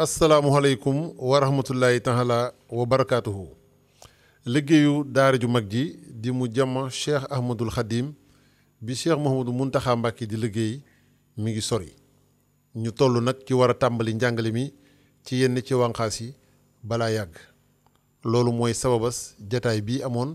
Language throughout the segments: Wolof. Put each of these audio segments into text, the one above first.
asalaamualeykum wa rahmatullahi taala wa barakaatuhu liggéeyu daara ju mag ji di mu jàmm cheikh ahmadul xadim bi cheikh mohamadou muntaxa mbàkke di liggéey mi ngi sori ñu toll nag ci war a tàmbali njàngale mi ci yenn ci wànqaas yi balaa yàgg loolu mooy sababas jataay bii amoon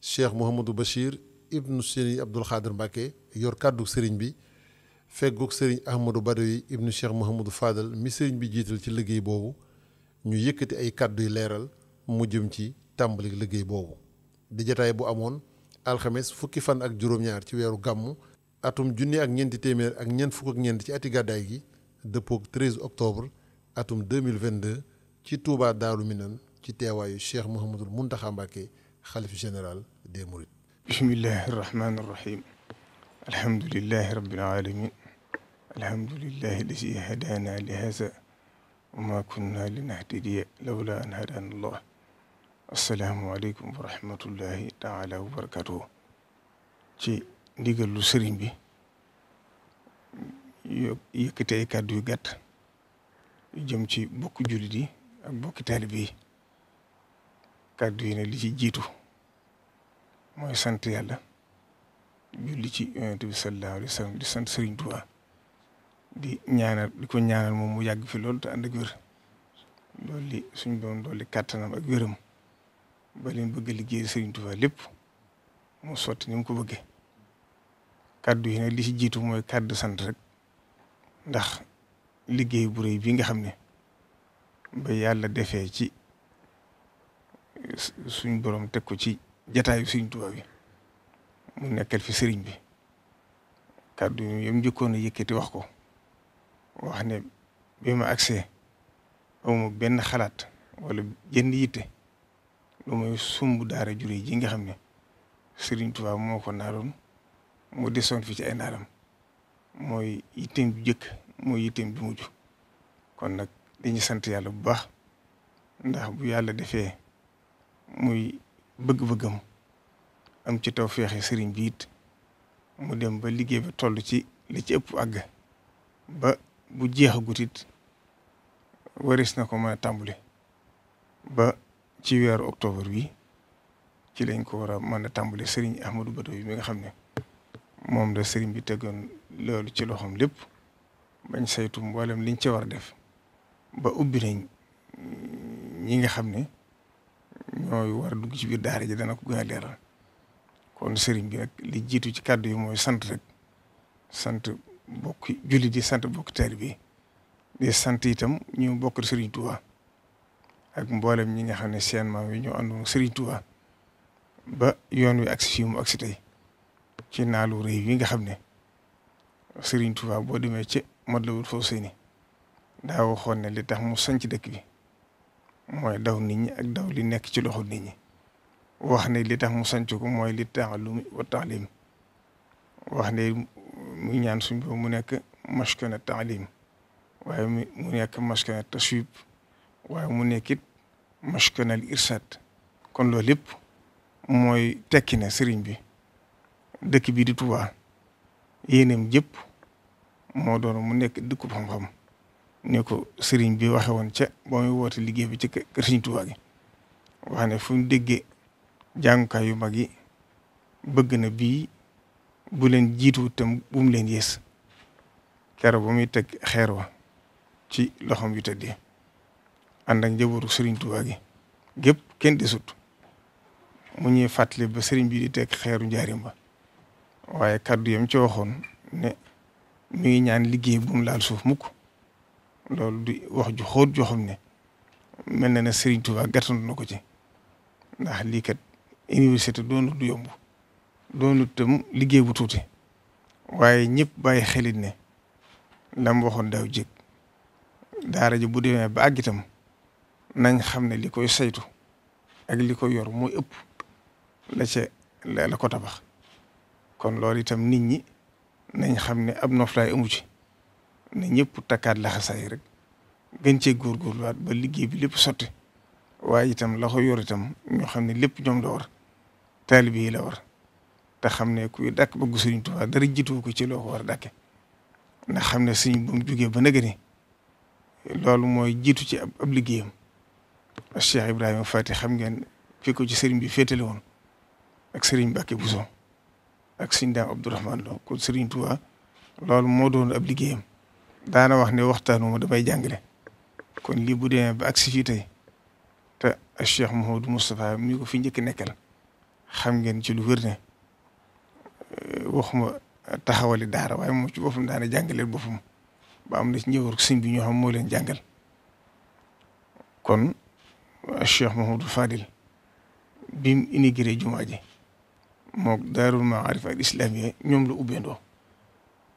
cheikh mohamadou bachir ibnu sëriñ abdul xaadir mbàkke yor kàddu sëriñ bi feggoog sëriñ Ahmadou Badawi ibnu Cheikh Mouhamadou Fadal mi sëriñ bi jiital ci liggéey boobu ñu yëkkati ay kàddu yu leeral mu jëm ci tàmbali liggéey boobu di jataay bu amoon alxemes fukki fan ak juróom-ñaar ci weeru gàmmu atum junni ak ñeenti téeméer ak ñeent fukk ak ñeent ci ati gàddaay gi dëppoog 13 octobre atum 2022 ci Touba daalu Minan ci teewaayu Cheikh Mouhamadul Mountakha Mbacké xalif général des mourides bismillahi rahmaani rahim alhamdulillahi alhamdulillahi lazi hadaana li haza ma kunna linahtadiya lawla an hadaana allah assalaamu aleykum wa taala wa barakatuhu ci ndigalu sëriñ bi yëkkati ay kàddu yu gàtt jëm ci bokki jullit yi ak bokki taalibe yi kàddu yi ne li ci jiitu mooy sant yàlla julli ci yonent bi sallallahu alayhi wa sallam di sant sëriñ Tuubaa di ñaanal di ko ñaanal moom mu yàgg fi loolu te ànd ak wér loolu li suñ doom loolu li kàttanam ak wéram ba leen bëgg liggéey Serigne Touba lépp mu sotti ni mu ko bëggee kàddu yi nag li ci jiitu mooy kàddu sant rek ndax liggéey bu rëy bii nga xam ne ba yàlla defee ci suñ boroom teg ko ci jataayu Serigne Touba bi mu nekkal fi Serigne bi kàddu yi yëpp njëkkoon a yëkkati wax ko. wax ne bi ma agsee amu benn xalaat walla jënd yitte lu muy sumb daara jure ji nga xam ne sëriñ Touba moo ko naaroon mu desoon fi ci ay naaram mooy yitteem ju jëkk mooy yitteem ju mujj kon nag dañuy sant yàlla bu baax ndax bu yàlla defee muy bëgg-bëggam am ci taw feexe sëriñ bi it mu dem ba liggéey ba toll ci li ci ëpp àgg ba bu jeexagut it waris na ko mën a tàmbali ba ci weeru octobre bi ci lañ ko war a mën a tàmbali sëriñ Ahmadou Bado yi mi nga xam ne moom la sëriñ bi teggoon loolu ci loxoom lépp bañ saytu mboolem liñ ci war a def ba ubbi nañ ñi nga xam ne ñooy war a dugg ci biir daara ji dana ko gën a leeral kon sëriñ bi nag li jiitu ci kàddu yi mooy sant rek sant. bokk julli di sant bokk teer bi di sant itam ñu bokk Serigne Touba ak mboolem ñi nga xam ne seen maam yi ñu àndoon Serigne Touba ba yoon wi agsi fii mu agsi tey ci naalu réew yi nga xam ne sëriñ Touba boo demee ci Matlabul Fawzayni daa waxoon ne li tax mu sanc dëkk bi mooy daw nit ñi ak daw li nekk ci loxo nit ñi wax ne li tax mu sanc ko mooy li taalumi wa taalim wax ne muy ñaan suñ boobu mu nekk maskana taalim waaye mu nekk maskana taswib waaye mu nekk it maskana kon loolu lépp mooy tekki ne sëriñ bi dëkk bii di Tuubaa yéeneem jëpp moo doon mu nekk dëkkub xam-xam ne ko sëriñ bi waxe woon ca ba muy woote liggéey bi ci kër sëriñ Tuubaa gi wax ne fu ñu déggee jàngukaay yu mag yi bëgg na bii bu leen jiitu tam bum mu leen yées kero ba muy teg xeer wa ci loxoom yu tëddee ànd ak njabootu Serigne Touba gi gépp kenn desut mu ñuy fàttali ba Serigne bi di teg xeeru njaarim waaye kaddu yam ci waxoon ne mu ngi ñaan liggéey bu laal suuf mukk loolu di wax ju xóot joo xam ne mel na ne Serigne Touba gàttandu na ko ci ndax lii kat université doonu du yomb. doonut tam liggéey bu tuuti waaye ñëpp bàyyi xelit ne lam waxoon daaw jég daara ji bu demee ba àgg itam nañ xam ne li koy saytu ak li koy yor mooy ëpp la ca la ko tabax kon loolu itam nit ñi nañ xam ne ab noflaay amu ci ne ñëpp takkaat laxasaay rek gën cee góorgóorluwaat ba liggéey bi lépp sotti waaye itam la yor itam ñoo xam ne lépp ñoom la war taalibe la war te xam ne kuy dàkk bëgg Sëriñ Tuubaa dara jiitu ko ci loo ko war a dàkke xam ne suñ bu jugee ba nëgë loolu mooy jiitu ci ab ab liggéeyam Cheikh Ibrahima Fati xam ngeen fi ko ci sëriñ bi féetale woon ak sëriñ Mbacke Bousso ak suñ daam Abdourahmane Lo kon Sëriñ Tuubaa loolu moo doon ab liggéeyam daana wax ne waxtaan ma damay jàngale kon lii bu demee ba agsi fii tey te Cheikh Mouhamadou Moustapha mi ko fi njëkk nekkal xam ngeen ci lu wér ne waxuma taxawali daara waaye moom ci boppam daana jàngaleel boppam ba am na ci njëwar sëñ bi ñoo xam moo leen jàngal kon Cheikh Mahamadou Fadil bim inauguré jumaa ji mook daarul maarif al islamiya ñoom la ubbeendoo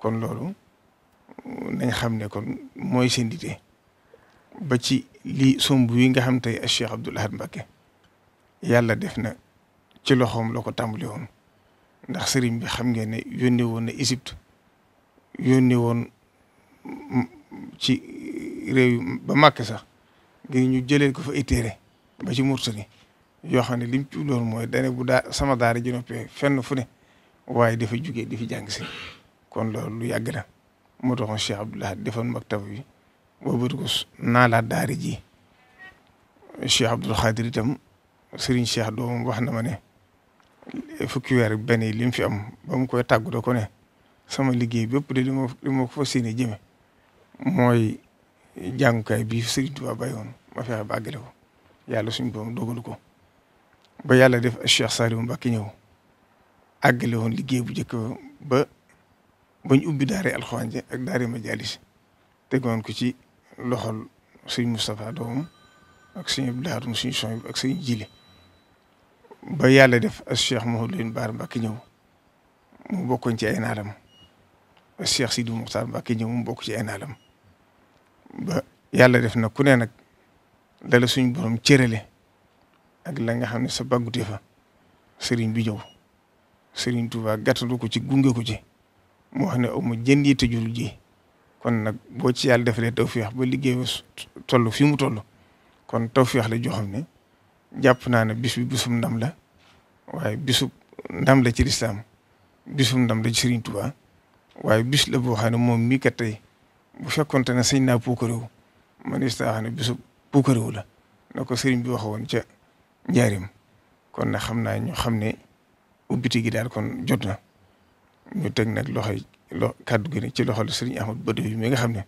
kon loolu nañ xam ne kon mooy seen dite ba ci lii somb yi nga xam tey Cheikh Abdoul Ahad Mbacké yàlla def na ci loxoom la ko tàmbali woon ndax sëriñ bi xam ngeen ne yónnee woon na Égypte yónnee woon ci réew ba Màkk sax ngir ñu jëlee ko fa ay ba ci Mauritanie yoo xam ne lim ci mooy dane bu daa sama daara ji noppee fenn fune waaye dafa jugee di fi jàng si kon loolu lu yàgg la moo taxoon Cheikh Abdoulaye defoon maktaba bi boo bëgg ko naalaat daara ji Cheikh Abdoul Khadir itam Serigne Cheikh doom wax na ma ne. fukki weer ak benn yi li fi am ba mu koy tàggu da ko ne sama liggéey bépp de li ma li ma ko fas yéene jëme mooy jàngukaay bii Serigne Touba bàyyi woon ma fexe ba àggale yàlla suñ boom dogalu ko ba yàlla def Cheikh Saliou Mbacké ñëw àggale woon liggéey bu njëkk ba bañ ubbi daare alxuraan ji ak daare majalis tegoon ko ci loxol suñ Moustapha doomam ak suñu Abdou Lahad suñu ak suñu jili ba yàlla def as cheikh Mouhamadou Lamine Bara Mbacké ñëw mu bokkoon ci ay naalam as cheikh Sidi Moukhtar Mbacké ñëw mu bokk ci ay naalam ba yàlla def na ku ne nag dala suñ borom cërale ak langa xam ne sa bàggute fa sëriñ bi ñëw sëriñ Touba gàttalu ko ci gunge ko ci mu wax ne aw ma jënd yi tëjul ji kon nag boo ci yàlla defalee tawféex ba liggéey ba toll fi mu toll kon tawféex la joxam ne. jàpp naa ne bis bisum ndam la waaye bisub ndam la ci lislaam bisum ndam la ci Serigne Touba waaye bis la boo xam ne moom mii kat tey bu fekkonte ne sëñ naa puukarewu man istaa ne bisub puukarewu la na ko Serigne bi wax waxoon ca njaarim kon na xam naa ñu xam ne ubbiti gi daal kon jot na ñu teg nag loxo lo kàddu gi ci loxo la Serigne Ahmad Badou mi nga xam ne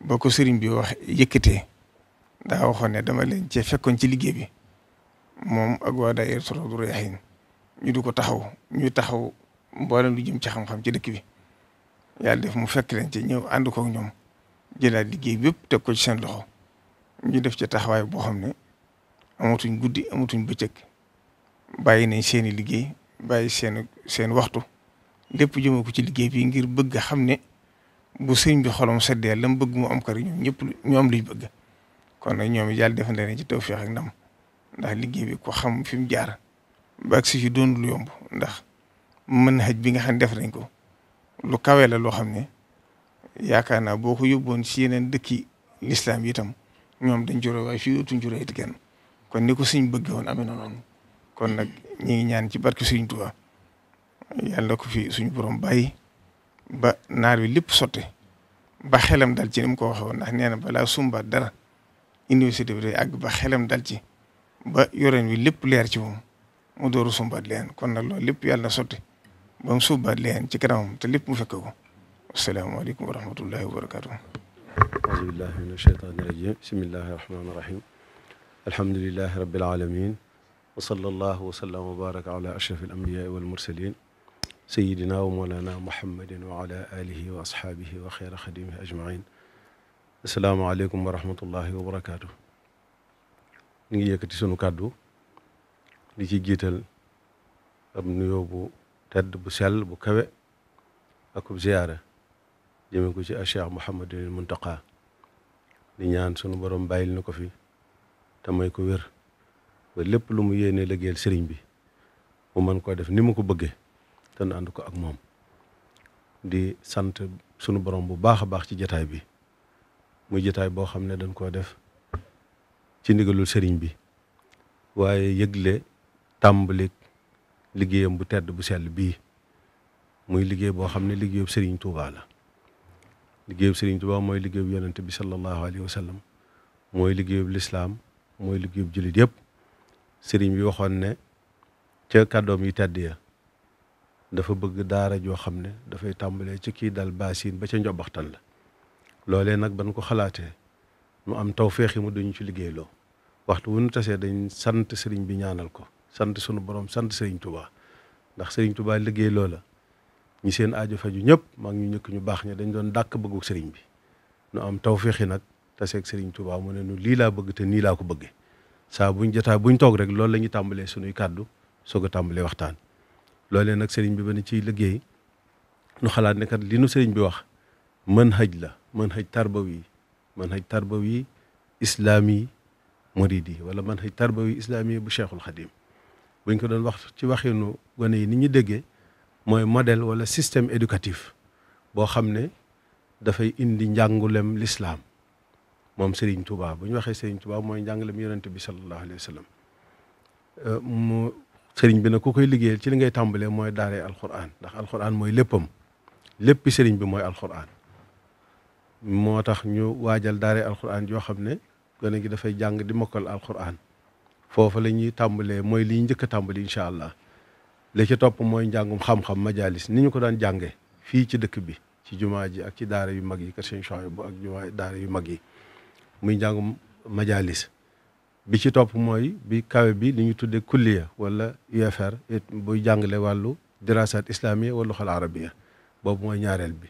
boo ko Serigne bi wax yëkkatee. daa waxoon ne dama leen cee fekkoon ci liggéey bi moom ak waa daayira Rawdu Rayaahiin ñu du ko taxaw ñuy taxaw mboolem lu jëm ci xam-xam ci dëkk bi yàlla def mu fekk leen ci ñëw ànd kook ñoom jëlaat liggéey bi yëpp teg ko ci seen loxo ñu def ci taxawaay boo xam ne amatuñ guddi amatuñ bëccëg bàyyi nañ seeni liggéey bàyyi seen seen waxtu lépp jëmee ko ci liggéey bi ngir bëgg xam ne bu seen bi xolom seddee la mu bëgg mu am kër ñoom ñëpp ñu am luñ bëgg. kon nag ñoom yàlla def na leen ci tawféex ak nam ndax liggéey bi ko xam fi mu jaar ba ak si fi doon lu yomb ndax mën xaj bi nga xam def nañ ko lu kawe la loo xam ne yaakaar naa boo ko yóbboon si yeneen dëkki lislaam yi itam ñoom dañ jure waaye fii dootuñ jure it kenn kon ni ko siñ bëggee woon amee na kon nag ñi ngi ñaan ci barke Sëriñ Tuubaa yàlla ko fi suñu borom bàyyi ba naar bi lépp sotte ba xelam dal ci ni ko waxee woon ndax nee na balaa sumbaat dara. université bi day àgg ba xelam dal ci ba yoreen wi lépp leer ci moom mu dooru sumbaat leen kon nag loolu lépp yàlla na sotti ba mu sumbaat leen ci kanamam te lépp mu fekk ko asalaamaaleykum wa rahmatullahi wa barakaatu aousubillah min asheytaani rajim bismillahi rahmaani rahim alhamdulilahi rabbil alamin wa sallallahu wa sallam wa baraka ala ashraf al anbiya wal mursalin sayidina wa mawlana muhammadin wa ala alihi wa ashaabihi wa xeyra xadimihi ajmain asalaamaaleykum wa rahmatullahi wa barakaatu. ñu ngi yëkkati sunu kàddu di ci jiital ab nuyoo bu tedd bu sell bu kawe akub ziyaara jëme ko ci a Cheikh Mouhamadul Muntaqa di ñaan sunu borom bàyyil na ko fi te may ko wér ba lépp lu mu yéene liggéeyal sëriñ bi mu mën koo def ni mu ko bëggee te nu ànd ko ak moom di sant sunu borom bu baax a baax ci jataay bi. muy jotaay boo xam ne dañ koo def ci ndigalul sëriñ bi waaye yëgle tàmbali liggéeyam bu tedd bu sell bii muy liggéey boo xam ne liggéeyub sëriñ Touba la liggéeyub sëriñ Touba mooy liggéeyub yonent bi sallallahu alayhi wa mooy liggéeyub lislaam mooy liggéeyub jullit yëpp sëriñ bi waxoon ne ca kàddoom yi tedd ya dafa bëgg daara joo xam ne dafay tàmbalee ci kii dal baasin ba ca njobaxtan la loolee nag ban ko xalaatee mu am tawféex yi mu duñu ci liggéeyloo waxtu wu ñu tasee dañ sant sëriñ bi ñaanal ko sant sunu borom sant sëriñ Touba ndax sëriñ tubaa liggéey loola ñi seen aajo faju ñëpp mag ngi ñëkk ñu baax ña dañ doon dàkk bëggu sëriñ bi nu am tawféex yi nag taseeg sëriñ Touba mu ne nu lii laa bëgg te nii laa ko bëggee saa buñ jotaay buñ toog rek loolu la ñuy tàmbalee sunuy kàddu soog a tàmbalee waxtaan loolee nag sëriñ bi ba ciy liggéey nu xalaat ne kat li sëriñ bi wax mën xëj la mën xëj tarbawi mën xëj tarbawi islaami muridi wala mën xëj tarbawi islaami bu cheikhul xadim buñ ko doon wax ci waxinu gone yi ni ñu déggee mooy modèle wala système éducatif boo xam ne dafay indi njàngulem lislaam moom Serigne tubaab bu waxee Serigne Touba mooy njàngalem yonent bi sallallahu alayhi wa sallam seriñ bi na ku koy liggéeyal ci li ngay tàmbalee mooy daaree alquran ndax alquran mooy léppam lépp Serigne bi mooy alquran moo tax ñu waajal daare alquran yoo xam ne gone gi dafay jàng di mokkal alquran foofa la ñuy tàmbalee mooy li njëkk a tàmbali incha allah li ci topp mooy njàngum xam-xam majalis ni ñu ko daan jàngee fii ci dëkk bi ci jumaa ji ak ci daara yu mag yi kër seen choy bu ak jumaa daara yu mag yi muy njàngum majalis bi ci topp mooy bi kawe bi ni ñu tuddee kulliya wala UFR it buy jàngale wàllu dirasat islamiya wala xol arabiya boobu mooy ñaareel bi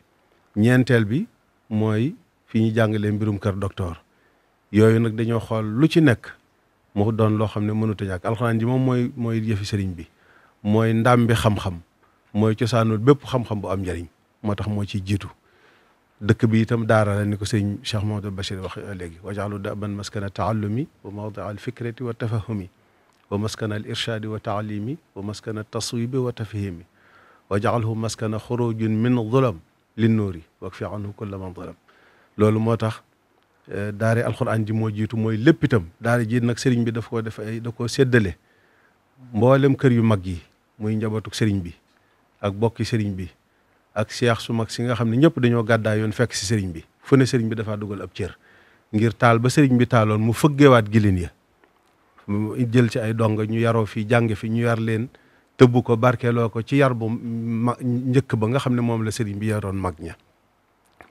ñeenteel bi mooy fi ñu jàngalee mbirum kër docteur yooyu nag dañoo xool lu ci nekk moo doon loo xam ne mënut a ñàkk alxuraan ji moom mooy mooy yëfi sëriñ bi mooy ndam bi xam-xam mooy cosaanul bépp xam-xam bu am njariñ moo tax moo ciy jiitu dëkk bi itam daara la ni ko sëriñ Cheikh Mahamadou Bachir wax léegi wajaxlu daban maskana taallumi wa mawdia al fikrati wa tafahumi wa maskana al irshadi wa taalimi wa maskana taswibi wa tafhimi wajaxalhu maskana xurujin min zulam lindoor yi wakfi anhu kulla man zalam loolu moo tax eh, daare alxuraan ji moo jiitu mooy lépp itam daare ji nag sëriñ bi daf koo def ay da koo séddale mboolem kër yu mag yi muy njabootuk sëriñ bi ak bokki sëriñ bi ak seex su mag si nga xam ne ñëpp dañoo gàddaay yoon fekk si sëriñ bi fu sëriñ bi dafaa dugal ab cër ngir taal ba sëriñ bi taaloon mu fëggeewaat gilin ya jël ci ay donga ñu yaroo fi jàng fi ñu yar leen tëbb ko barkeeloo ko ci yar bu ma njëkk ba nga xam ne moom la sëriñ bi yaroon mag ña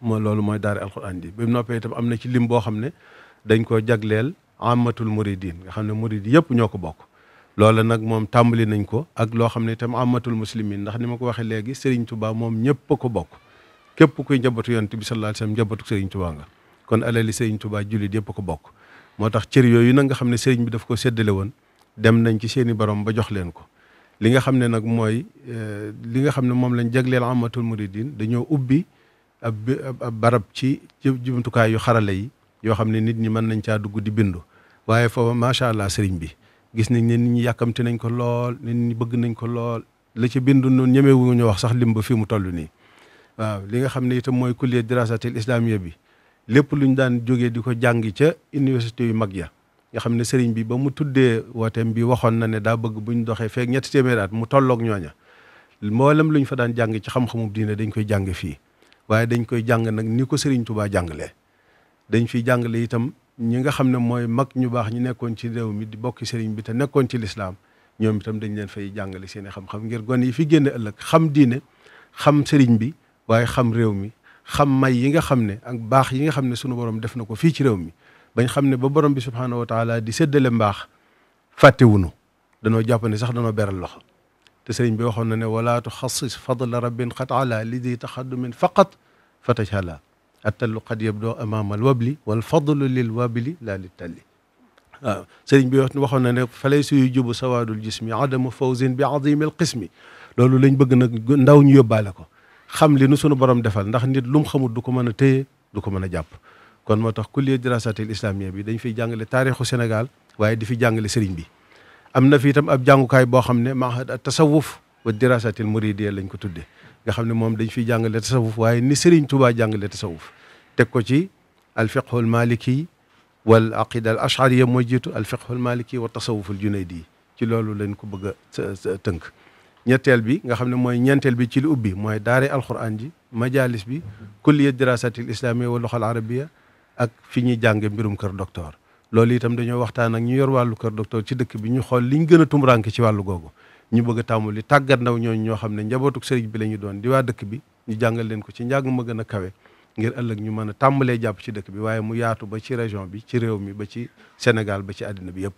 moo loolu mooy daara alxuraan ji bi mu noppee itam am na ci lim boo xam ne dañ koo jagleel amatul muridin nga xam ne murid yëpp ñoo ko bokk loola nag moom tàmbali nañ ko ak loo xam ne itam amatul muslimin ndax ni ma ko waxee léegi Serigne tubaa moom ñëpp ko bokk képp kuy njabootu yonent bi sallallahu alayhi wasallam njabootu Serigne Touba nga kon alali Serigne tubaa jullit yëpp ko bokk moo tax cër yooyu nag nga xam ne Serigne bi daf ko séddale woon dem nañ ci seeni borom ba jox leen ko li nga xam ne nag mooy eh, li nga xam ne moom lañ jagleel amatul muridin dañoo ubbi ab barab ci jumtukaay yu xarala yi yoo xam ne nit ñi mën nañ caa dugg di bindu waaye foofa macha allah sëriñ bi gis nañ ne nit ñi yàkkamti nañ ko lool nit ñi bëgg nañ ko lool la ci bindu noonu ñemewu ñu wax sax lim ba fi mu toll nii waaw li nga xam ne itam mooy kulliyat dirasatil islamiyya bi lépp lu ñu daan jógee di ko jàng ca université yu mag ya nga xam ne sëriñ bi ba mu tuddee wooteem bi waxoon na ne daa bëgg buñ doxee feek ñetti téeméer at mu tolloog ñooña mboolem ñu fa daan jàng ci xam-xamub diine dañ koy jàng fii waaye dañ koy jàng nag ni ko sëriñ Touba jàngalee dañ fiy jàngale itam ñi nga xam ne mooy mag ñu baax ñu nekkoon ci réew mi di bokki sëriñ bi te nekkoon ci lislaam ñoom dañ leen fay jàngale seen i xam-xam ngir gone yi fi génn ëllëg xam diine xam sëriñ bi waaye xam réew mi xam may yi nga xam ne ak baax yi nga xam ne sunu borom def na ko fii ci réew mi bañ xam ne ba borom bi subhaanahu wa taala di séddale mbaax fàttewunu danoo jàpp ne sax danoo beral loxo te sëriñ bi waxoon na ne wala tuxasis fadla rabbin xat ala li di taxaddumin faqat fatajhala attallu qad yabdoo amaama al wabli wal fadlu lil wabli laa li talli waaw sëriñ bi waxoon na ne falay suyu jubu sawaadul jismi adamu fawzin bi azimi al qismi loolu lañ bëgg nag ndaw ñu yóbbaale ko xam li nu sunu borom defal ndax nit lu mu xamul du ko mën a téye du ko mën a jàpp kon moo tax kulliya dirasatil islamiyya bi dañ fiy jàngale taarixu senegal waaye di fi jàngale sëriñ bi am na fi itam ab jàngukaay boo xam ne mahad at tasawuf wa dirasatil lañ ko tuddee nga xam ne moom dañ fiy jàngale tasawuf waaye ni sëriñ Tuubaa jàngale tasawuf teg ko ci alfiqhul maliki wal aqida al ashariya mooy jiitu alfiqhul maliki wa tasawuful junaydi ci loolu lañ ko bëgg a tënk ñetteel bi nga xam ne mooy ñeenteel bi ci li ubbi mooy daare alquran ji majalis bi kulliya dirasatil islamiyya wa luxal ak fi ñuy jànge mbirum kër docteur loolu itam dañoo waxtaan ak ñu yor wàllu kër docteur ci dëkk bi ñu xool liñ gën a tumranke ci wàllu googu ñu bëgg a tàmmu li tàggat ndaw ñooñu ñoo xam ne njabootuk sëriñ bi la ñu doon di waa dëkk bi ñu jàngal leen ko ci njàng ma gën a kawe ngir ëllëg ñu mën a tàmbalee jàpp ci dëkk bi waaye mu yaatu ba ci région bi ci réew mi ba ci Sénégal ba ci àddina bi yëpp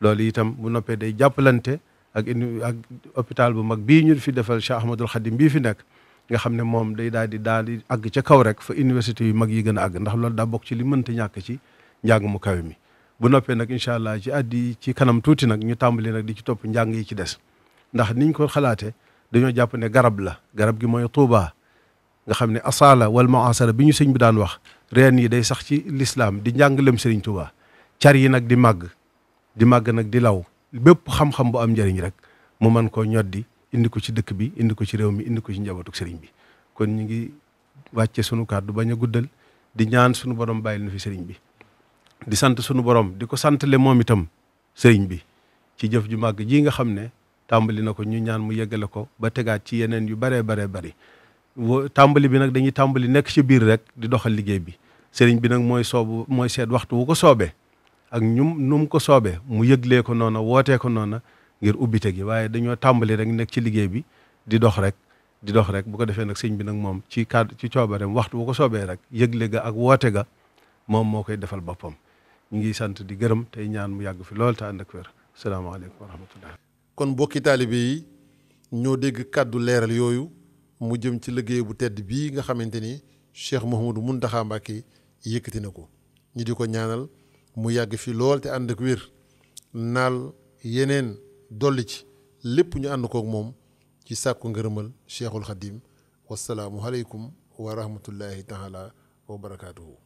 loolu itam bu noppee day jàppalante ak ak hôpital bu mag bii ñu fi defal Cheikh Ahmadul Khadim bii fi nekk nga xam ne moom day daal di daal di àgg ca kaw rek fa université yu mag yi gën a àgg ndax loolu daa bokk ci li mënta ñàkk ci njàng mu kawe mi bu noppee nag incha allah ci at yi ci kanam tuuti nag ñu tàmbali nag di ci topp njàng yi ci des ndax niñ ko xalaate dañoo jàpp ne garab la garab gi mooy tuuba nga xam ne asaala wal maasara bi ñu sëñ bi daan wax reen yi day sax ci lislaam di njàngalem sëriñ tuuba car yi nag di màgg di màgg nag di law bépp xam-xam bu am njëriñ rek mu mën koo ñoddi indi ko ci dëkk bi indi ko ci réew mi indi ko ci njabootuk sëriñ bi kon ñu ngi wàcce sunu kàddu bañ a guddal di ñaan sunu borom bàyyil na fi sëriñ bi di sant sunu borom di ko santale moom itam sëriñ bi ci jëf ju màgg ji nga xam ne tàmbali na ko ñu ñaan mu yeggale ko ba tegaat ci yeneen yu baree baree bari tàmbali bi nag dañuy tàmbali nekk ci biir rek di doxal liggéey bi sëriñ bi nag mooy soobu mooy seet waxtu wu ko soobee ak ñum nu mu ko soobee mu yëglee ko noona wootee ko ngir ubbite gi waaye dañoo tàmbali rek nekk ci liggéey bi di dox rek di dox rek bu ko defee nag siñ bi nag moom ci cadre ci coobareem waxtu bu ko soobee rek yëgle ga ak woote ga moom moo koy defal boppam ñu ngi sant di gërëm tey ñaan mu yàgg fi lool te ak wér salaamaaleykum wa rahmatullah kon mbokki taalibe yi ñoo dégg kàddu leeral yooyu mu jëm ci liggéey bu tedd bii nga xamante ni Cheikh Mouhamadou Mountakha Mbacké yëkkati na ko ñu ko ñaanal mu yàgg fi lool te ànd ak wér naal yeneen dolli ci lépp ñu ànd kook moom ci sàkku ngërëmal cheikhul xadim wasalaamualeykum wa rahmatullahi taala wa barakaatuhu